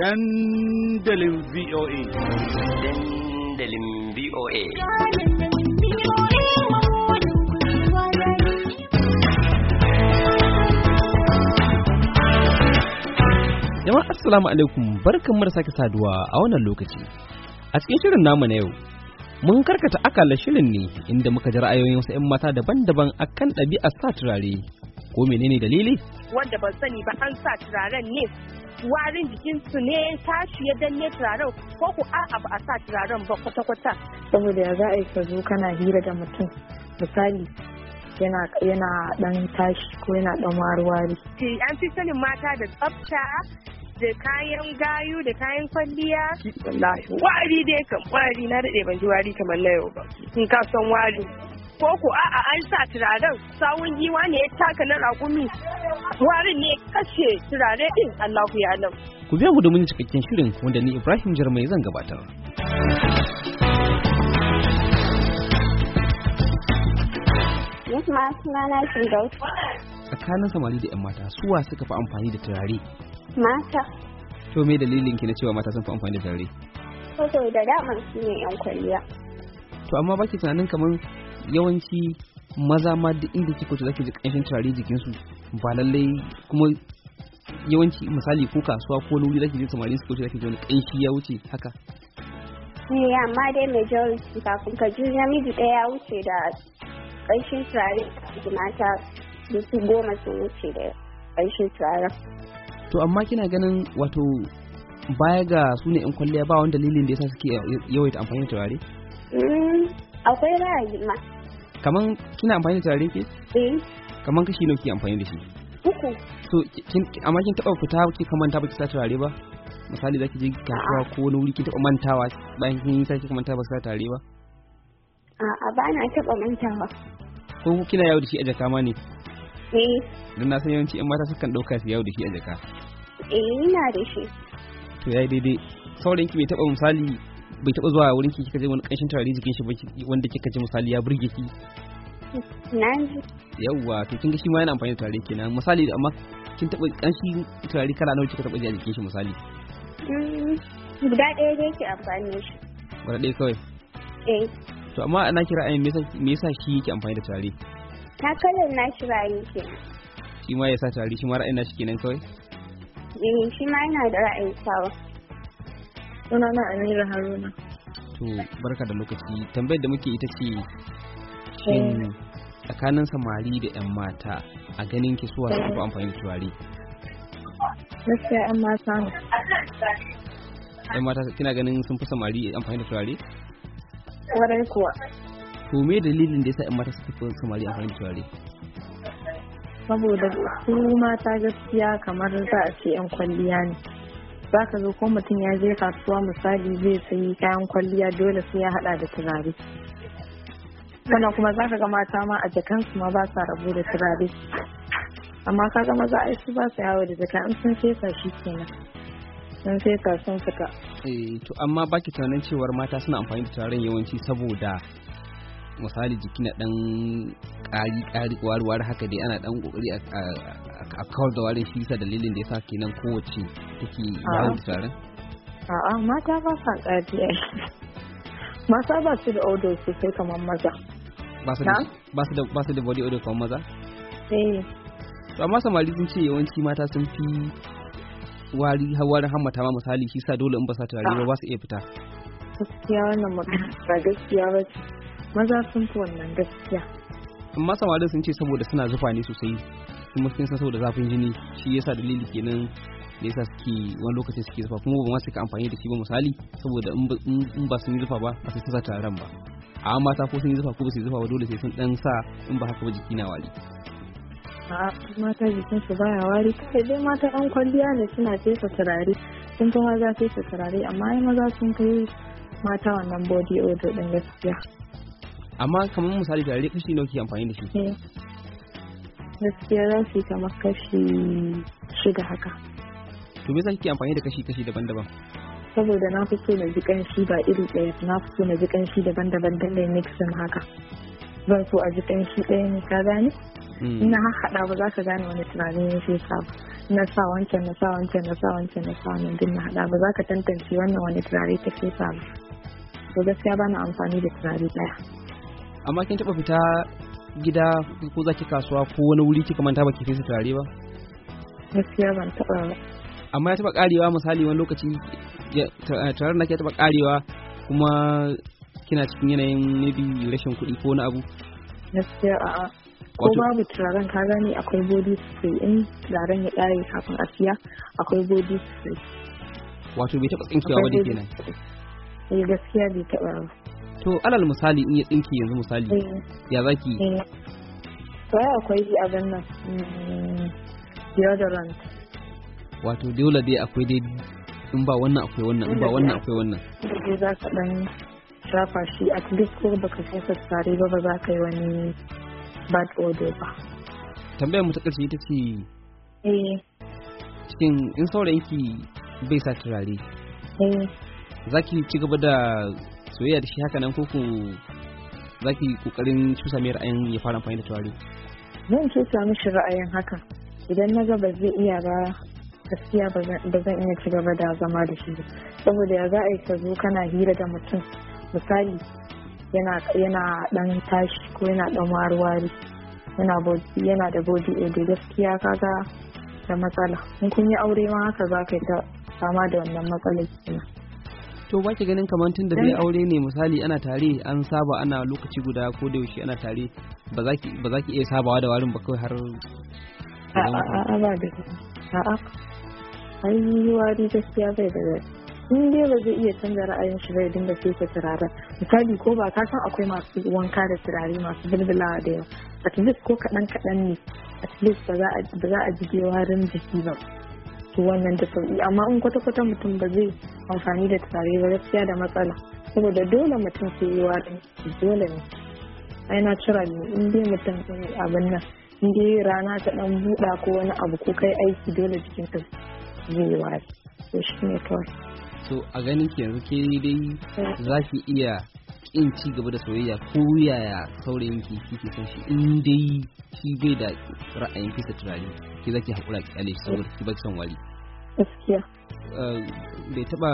dandalin VOA. Dandalin VOA. Jama'a Assalamu alaikum barkan da sake saduwa a wannan lokaci. A cikin shirin namu na yau, mun karkata akala shirin ne inda muka ji ra'ayoyin wasu 'yan mata daban-daban akan ɗabi'ar sa turare. Ko menene dalili? Wanda ban sani ba an sa turaren ne warin jikin su ne tashi ya danne turaren ko ku a'a ba a sa turaren ba kwata-kwata. Saboda ya za a yi ka kana hira da mutum misali yana dan tashi ko yana dan warware. An fi sanin mata da tsafta da kayan gayu da kayan kwalliya. wari dai kan wari na daɗe ban ji wari kamar na yau ba. In ka san wari. ko ko a'a an sa turaren sawun giwa ne ya taka na raƙumi warin ne kashe turare din Allahu ya alam. Ku biya ku domin cikakken shirin wanda ni Ibrahim Jarmai zan gabatar. Tsakanin samari da 'yan mata suwa suka fi amfani da turare? Mata. To me dalilin ki na cewa mata sun fi amfani da turare? Saboda daman su ne 'yan kwalliya. To amma baki tunanin kamar yawanci maza ma duk inda kika to zaki ji kanshin turare jikinsu ba lallai kuma yawanci misali ko kasuwa ko wuri zaki ji samari su ko zaki ji wani kanshi ya wuce haka ne amma dai majority kafin ka ji namiji ɗaya ya wuce da kanshin turare da mata su goma su wuce da kanshin turare to amma kina ganin wato baya ga su ne yan kwalliya ba wani dalilin da yasa suke yawaita amfani da turare mm, akwai ra'ayi ma kaman kina amfani da turare ke eh kaman kashi nawa kike amfani da shi uku so amma kin taba fita kika kamanta baki sa turare ba misali zaki je kasuwa ko wani wuri ki taba mantawa bayan kin yi sai ki manta ba sa turare ba a'a ba na taba mantawa ko kina yau da shi a jaka ma ne eh dan na san yawanci in mata sukan dauka su yau da shi a jaka eh ina da shi to yayi daidai saurayin ki bai taba misali bai taɓa zuwa wurin ki kika je wani kanshin tarihi jikin shi wanda kika ji misali ya burge ki na ji yawwa to kin ga shi ma yana amfani da tarihi kenan misali amma kin taɓa kanshi tarihi kala nawa kika taɓa ji a jikin shi misali mm, guda ɗaya dai ke amfani shi guda ɗaya kawai eh to amma na kira ayin me yasa shi yake amfani da tarihi. ta kalan na shi ra'ayi kenan shi ma ya sa tarihi shi ma ra'ayin na shi kenan kawai eh shi ma yana da ra'ayin sawa na amira haruna to barka da lokaci tambayar da muke ita ce shin eh. tsakanin samari da 'yan mata a ganin ki suwa su fi amfani da turare gaskiya 'yan mata ne 'yan mata kina ganin sun fi samari amfani da turare warai kuwa to me dalilin da yasa 'yan mata suka fi samari amfani da turare saboda su mata gaskiya kamar za a ce 'yan kwalliya ne za ka zo ko mutum ya je kasuwa misali zai sayi kayan kwalliya dole sai ya hada da turare sannan kuma za ka ga mata ma a jakansu ma ba sa rabu da turare amma ka ga maza ai su ba sa yawo da jaka in sun fesa shi kenan sun fesa sun fita eh to amma baki tunanin cewar mata suna amfani da turaren yawanci saboda misali jiki na dan kari-kari kari warwar haka dai ana dan kokari a kawar da warin shi dalilin da yasa kenan kowace take yawon tsarin a'a mata ba sa ƙari mata ba su da odor sosai kamar maza ba su da body odor kamar maza eh to amma samari sun ce yawanci mata sun fi wari warin hammata ma misali shi sa dole in ba sa turare ba ba su iya fita gaskiya wannan magana ba gaskiya ba ce maza sun fi wannan gaskiya amma samarin sun ce saboda suna zufa ne sosai kuma sun san saboda zafin jini shi yasa dalili kenan da yasa suke wani lokacin suke zufa kuma ba ma suka amfani da shi ba misali saboda in ba sun yi zufa ba ba sai sun sa taron ba amma mata ko sun yi zufa ko ba su yi zufa ba dole sai sun dan sa in ba haka ba jiki na wari mata jikin su baya wari kai dai mata kwalliya ne suna fesa turare sun fi maza fesa turare amma ai maza sun kai mata wannan body odor din gaskiya amma kamar misali da kashi nauki amfani da shi eh, gaskiya za su yi kamar kashi shida haka to me kike amfani da kashi kashi daban-daban saboda na fi so na ji kanshi ba iri ɗaya na fi so na ji kanshi daban-daban don da mixin haka Zan so a ji kanshi ɗaya ne ka gane hmm. ina haɗa ba za ka gane wani tunanin ya ce sa na sa wancan na sa wancan na sa wancan na sa wannan din na haɗa ba za ka tantance wannan wani turare ta fi sa ba to gaskiya ba na amfani da turare ɗaya amma kin taba fita gida ko zaki kasuwa ko wani wuri kika manta baki fesa turare ba gaskiya ban taba ba amma ya taba karewa misali wani lokaci eh, turaren na ke taba karewa kuma kina cikin yanayin maybe rashin kuɗi ko wani abu gaskiya a'a ko babu turaren ka gani akwai body spray in turaren ya kare kafin a siya akwai body spray wato bai taba tsinkewa ba kenan eh gaskiya bai taba ba to alal misali in ya tsinki yanzu misali eh. ya zaki ya eh. akwai abin nan mm, deodorant wato dole dai akwai dai in ba wannan akwai wannan in ba wannan akwai wannan da za ka dan shafa shi at least ko baka shafa sare ba ba za ka yi wani bad odor ba tambayar mu ta karshe ita ce eh cikin in saurayinki bai sa turare eh zaki ci gaba da soyayya da shi haka nan ko ku za ki kokarin cusa mai ra'ayin ya fara amfani da turare zan cusa mishi ra'ayin haka idan na ga ba zai iya ba gaskiya ba zan iya ci gaba da zama da shi saboda ya za a yi ka zo kana hira da mutum misali yana dan tashi ko yana dan warware yana da body da gaskiya kaga da matsala in kun yi aure ma haka za ka yi ta fama da wannan matsalar kenan to ba ki ganin kamar tun da zai aure ne misali ana tare an saba ana lokaci guda ko da yaushe ana tare ba za ki iya sabawa da warin ba kawai har a'a ba da a'a ai wari gaskiya bai da in dai ba zai iya canza ra'ayin shi bai dinga fesa turare misali ko ba ka san akwai masu wanka da turare masu bilbilawa da yawa at least ko kaɗan kaɗan ne at least ba za a ji warin jiki ba wannan da sauki amma in kwata-kwata mutum ba zai amfani da tare ba gaskiya da matsala saboda dole mutum sai yi warin dole ne ai na cira ne in dai mutum abin nan in dai rana ta dan buɗa ko wani abu ko kai aiki dole jikin ka zai yi wa to shi ne kawai to a ganin ki yanzu ke dai za ki iya kin ci gaba da soyayya ko yaya saurayin ki kike son shi in dai shi bai da ra'ayin kisa turare ki zaki haƙura ki kyale shi saboda ki baki son wari gaskiya eh, bai taba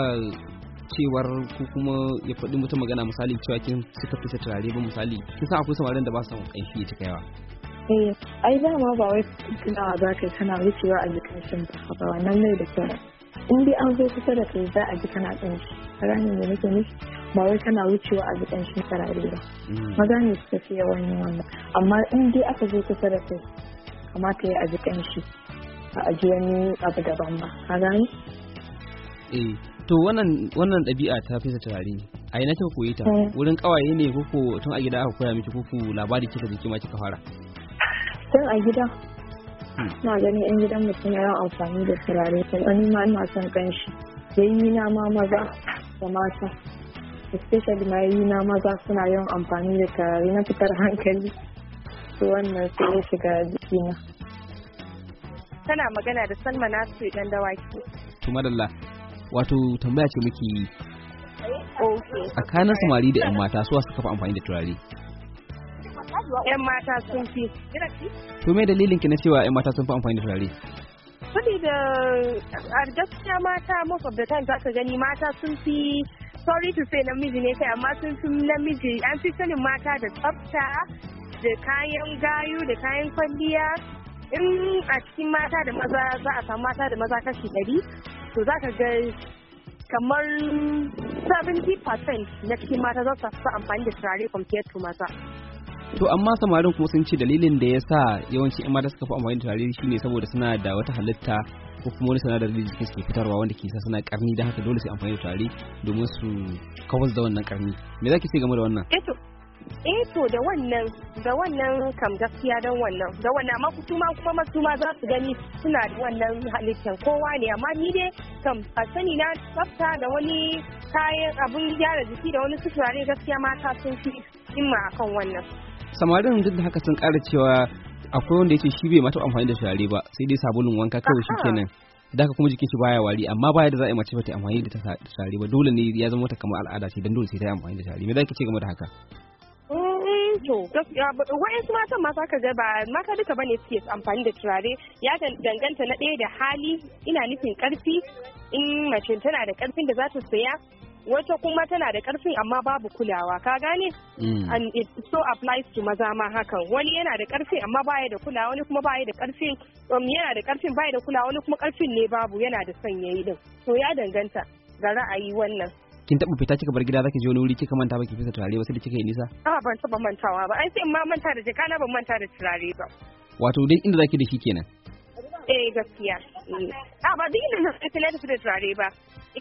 cewar ko kuma ya faɗi mutum magana misali cewa kin suka fita turare ba misali kin san akwai samarin da ba su san ƙanshi ya cika yawa eh ai dama ba wai tunawa za ka kana wucewa a jikin shi ba wannan ne da kyau in dai an zo kusa da kai za a ji kana tsin shi gane me nake nufi ba wai kana wucewa a jikin shi sarari ba mm. ne suka fi yawan wannan amma in dai aka zo kusa da kai kamata ya a jikin shi ba a ji wani abu daban ba ka gani? eh to wannan wannan ɗabi'a ta fesa turare a ina kika koyi ta eh. wurin kawaye ne koko tun a gida aka koya miki koko labari kika jiki ma kika fara tun a gida na hmm. gani yan gidan mutum suna yawan amfani da turare kan wani ma ina son kanshi yi na ma maza da mata especially ma yi na maza suna yawan amfani da turare na fitar hankali su wannan su ya shiga jikina tana magana da Salma Nasu idan dawaki to madalla wato tambaya ce muke yi eh. A kanar samari da 'yan mata su wasu kafa amfani da turare 'yan mata sun fi. To me dalilin ki na cewa 'yan mata sun fi amfani da turare? Saboda a gaskiya mata most of the time za ka gani mata sun fi sorry to say namiji ne kai amma sun fi namiji an fi sanin mata da tsafta da kayan gayu da kayan kwalliya in a cikin mata da maza za a samu mata da maza kashi ɗari to za ka ga kamar 70% na cikin mata za su amfani da turare compared to maza. to amma samarin kuma sun ce dalilin da ya sa yawanci yan mata suka fi amfani da turare shine saboda suna da wata halitta ko kuma wani sanadar da jikin suke fitarwa wanda ke sa suna karni da haka dole su amfani da turare domin su kawar da wannan karni me zaki ce game da wannan eh, eh to da wannan da wannan kam gaskiya dan wannan da wannan amma kuma kuma masu ma za su gani suna da wannan halittar kowa ne amma ni dai kam a sani na tsafta da wani kayan abun gyara jiki da wani suturare gaskiya mata sun fi himma akan wannan samarin duk da haka sun ƙara cewa akwai wanda ya ce shi bai mata amfani da turare ba sai dai sabulun wanka kawai shi kenan da haka kuma jikin shi baya wari amma baya da za a yi mace ba ta amfani da turare ba dole ne ya zama wata kamar al'ada ce dan dole sai ta yi amfani da turare me za ki ce game da haka mm, to wa'insu matan ma ka ga ba mata duka bane suke amfani da turare ya danganta na ɗaya da hali ina nufin ƙarfi in mace tana da ƙarfin da za ta saya wata kuma tana da karfin amma babu kulawa ka gane mm. and it so applies to maza ma hakan wani yana da karfin amma baya da kulawa wani kuma baya da karfin um, yana da karfin baya da kulawa wani kuma karfin ne babu yana da son yayi din to ya danganta ga ra'ayi wannan kin taɓa fita kika bar gida zaki je wani wuri kika manta baki fita turare ba sai da kika yi nisa a ban taɓa mantawa ba ai sai in ma manta da jaka na ban manta da turare ba wato dai inda zaki da shi kenan eh gaskiya mm. a ah, ba duk inda zan fita na tafi da turare ba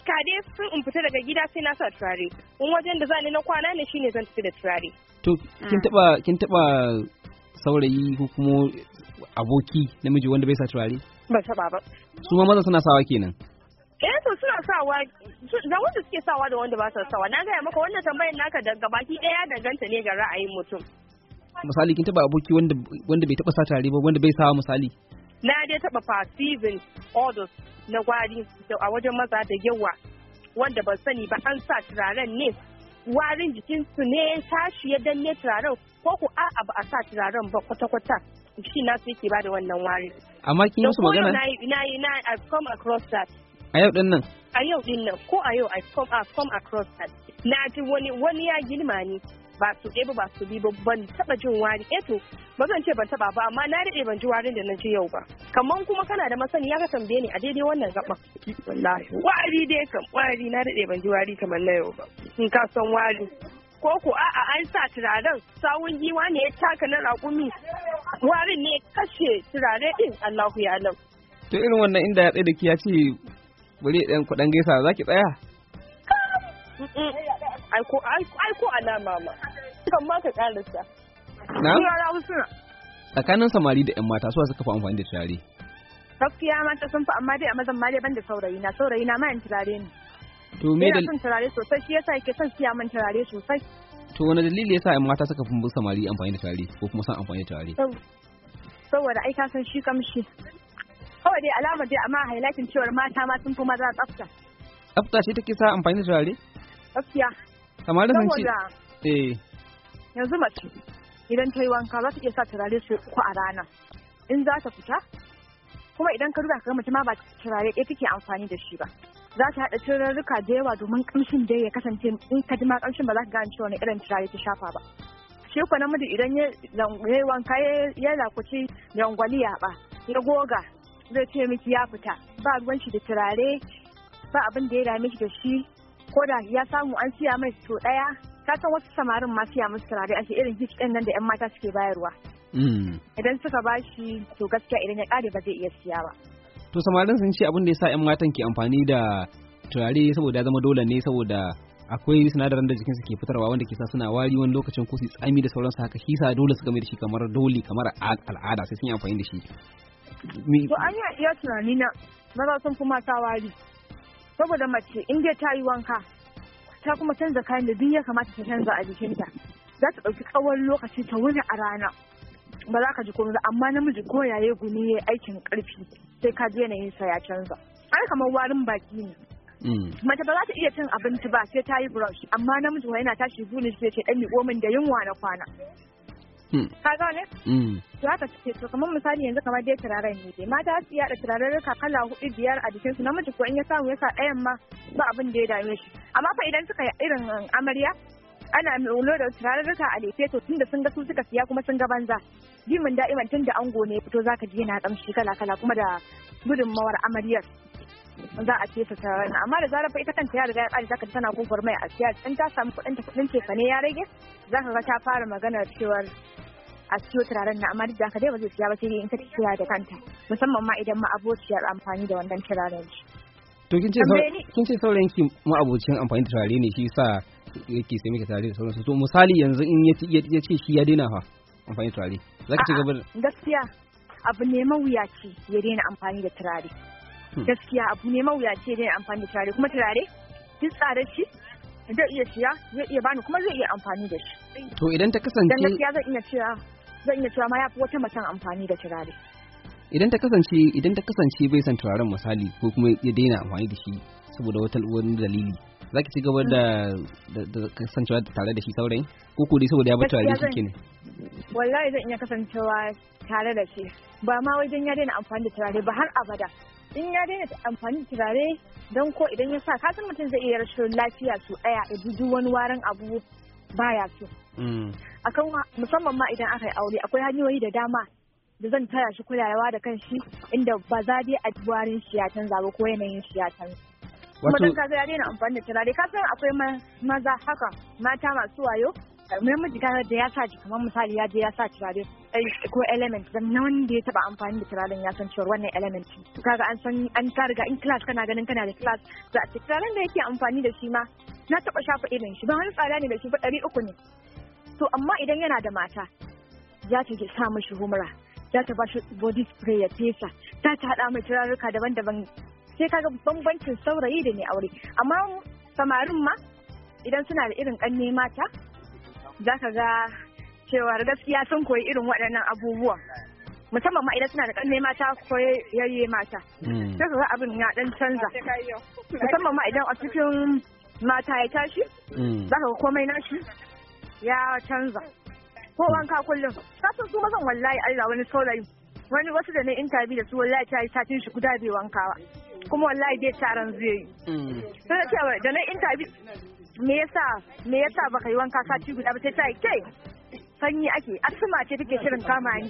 ka dai sun in fita daga gida sai na sa turare in wajen da zani na kwana ne shine zan tafi da turare to kin ah. taba kin taba saurayi ko kuma aboki namiji wanda bai sa turare ba taba ba su ma maza suna sawa kenan eh to suna sawa da wanda suke sawa da wanda ba sa sawa na gaya maka wannan tambayar naka da gabaki daya danganta ne ga ra'ayin mutum misali kin taba aboki wanda wanda bai taba sa turare ba wanda bai sawa misali na dai taba perceiving orders na gwari a wajen maza da yawa wanda ban sani ba an sa turaren ne warin jikin su ne tashi ya danne turaren ko ku a'a ba a sa turaren ba kwata-kwata shi na su yake bada wannan wari. Amma kin yi musu magana? Na na na I've come across that. A yau din nan. A yau din nan ko a yau I've come I've come across that. Na ji wani wani ya gilma ni ba su ɗebe ba su bi ban taɓa jin wari E, to ba zan ce ban taɓa ba amma na daɗe ban ji warin da na ji yau ba kamar kuma kana da masani ya ka tambaye ni a daidai wannan gaban wallahi wari dai kam wari na daɗe ban ji wari kamar na yau ba in ka san wari ko ko a'a an sa turaren sawun giwa ne ya taka na raƙumi warin ne kashe turare din Allahu ya alam to irin wannan inda ya tsaye da ki ya ce bari ɗan kuɗan gaisa za ki tsaya aiko alama ma kan ma ka karasa na tsakanin samari da yan mata suwa suka fi amfani da turare gaskiya mata sun fi amma dai a mazan ma dai ban da saurayi na saurayi na mayan turare ne to me da sun turare sosai shi yasa yake son siya man turare sosai to wani dalili yasa yan mata suka fi samari amfani da turare ko kuma son amfani da turare saboda ai ka san shi kamshi kawai dai alama dai amma hailakin cewar mata ma sun fi maza tsafta tsafta ce take sa amfani da turare gaskiya amma da ce eh yanzu mace idan ta yi wanka za ta iya sa turare su uku a rana in za ta fita kuma idan ka duba ka mace ma ba turare ɗaya take amfani da shi ba za ta haɗa turarruka da yawa domin ƙamshin da ya kasance in ka ji ma ƙamshin ba za ka gane cewa wani irin turare ta shafa ba shi na namiji idan ya yi wanka ya lakuci yangwali ba ya goga zai ce miki ya fita ba ruwan shi da turare ba abin da ya dame shi da shi Koda ya samu an siya mai to daya ka san wasu samarin ma siya musu turare ake irin gift din nan da 'yan mata suke bayarwa. Mm. Idan suka bashi to gaskiya idan ya kare ba zai iya siya ba. To samarin sun ce abin da yasa 'yan matan ke amfani da turare saboda ya zama dole ne saboda akwai sinadaran da jikin su ke fitarwa wanda ke sa suna wari wani lokacin ko su tsami da sauransu haka shi sa dole suka game da shi kamar dole kamar al'ada sai sun yi amfani da shi. To an yi iya tunani na maza sun fi mata wari. saboda mace in dai ta yi wanka ta kuma canza kayan da duk ya kamata ta canza a jikinta za ta ɗauki tsawon lokaci ta wuni a rana ba za ka ji komai amma namiji ko yaye guni ya aikin karfi sai ka ji yanayin sa ya canza har kamar warin baki ne mm. mace ba za ta iya cin abinci ba sai ta yi brush amma namiji yana tashi guni sai ce dan miƙo min da yunwa na kwana Mm. ka gane Ya mm. haka suke so kamar misali yanzu kamar dai turaren ne dai mata su yada turaren kala hudu biyar a jikinsu namiji ko in ya samu ya sa ɗayan ma ba abin da ya dame shi amma fa idan suka yi irin um, amarya ana milo da turarurruka a lefe to tunda sun ga su suka siya kuma sun ga banza jimin da'iman tun da ango ne fito zaka ji yana kamshi kala kala kuma da gudunmawar amaryar za a ce ta rana amma da zarar fa ita kanta ya riga ya kare zaka tana gogor mai a siya in ta samu kuɗin ta kudin ce ne ya rage zaka ga ta fara magana cewa a siyo turaren na amma duk da dai ba zai siya ba sai in ta siya da kanta musamman ma idan ma abociyar amfani da wannan turaren shi to kin ce kin ce sauran ki ma abocin amfani da turare ne shi yasa yake sai miki tare da sauransu to misali yanzu in ya ce shi ya daina fa amfani da turare zaka ci gaba gaskiya abu ne mawuyaci ya daina amfani da turare Hmm. gaskiya abu ne mawuyaci dai amfani da turare kuma turare duk tsare shi zai iya siya zai iya bani kuma zai iya amfani da shi to idan ta kasance dan gaskiya zan iya cewa zan iya cewa ma yafi wata macen amfani da turare idan ta kasance idan ta kasance bai san turaren misali ko kuma ya daina amfani da shi saboda wata wani dalili za ki ci gaba da kasancewa tare da shi saurayi ko ko dai saboda ya bata turare shi kenan wallahi zan iya kasancewa tare da shi ba ma wajen ya daina amfani da turare ba har abada in ya daina amfani turare don ko idan ya sa kasan mutum zai iya rashin lafiya su ɗaya ya duk wani warin abu baya so. Mm. Akan musamman ma idan aka yi aure akwai hanyoyi da dama da zan taya shi kulawa da shi inda ba za dai a warin shi ya canza ba ko yanayin shi ya canza. Kuma don kaga ya daina amfani da turare kasan akwai maza haka mata masu wayo namiji kaga da ya sa ji kamar misali ya je ya sa turare ko element dan na wanda ya taba amfani da turaren ya san cewar wannan element to kaga an san an ka riga in class kana ganin kana da class za a turaren da yake amfani da shi ma na taba shafa irin shi ba wani tsada ne da shi ba ɗari uku ne to amma idan yana da mata za ta sa mashi humra za ta ba shi body spray ya fesa za ta haɗa mai turaruka daban-daban sai kaga bambancin saurayi da mai aure amma samarin ma idan suna da irin ƙanne mata za ka ga cewar gaskiya sun koyi irin waɗannan abubuwan musamman ma idan suna da nema ta koyi yayye mata sai hmm. ka ga abin ya ɗan canza musamman ma idan a cikin mata ya tashi hmm. za ka ga komai nashi ya canza ko wanka kullum ka san su mazan wallahi Allah wani saurayi wani wasu da ne intabi da su wallahi ta yi satin shi guda bai wanka kuma wallahi bai taron zai yi hmm. sai da cewa da na intabi me yasa me yasa baka yi wanka sati guda ba sai ta ke sanyi ake asma ce take shirin kama ni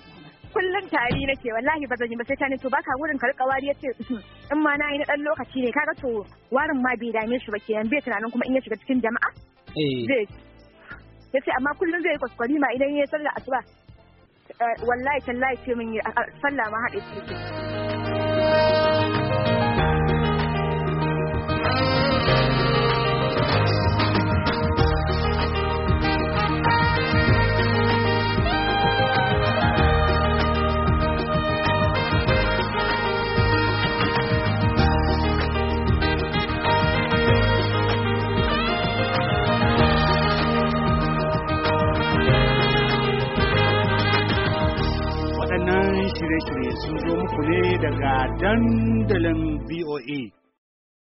kullum tari nake wallahi ba zan yi ba sai ta ne to baka wurin karka wari yace mm-hmm. in ma na yi na dan lokaci ne kaga to warin ma bai dame shi ba kenan bai tunanin kuma in ya shiga cikin jama'a eh. zai yace amma kullum zai yi kwaskwari ma idan ya sallah asuba eh, wallahi tallahi ce min sallah ma haɗe ce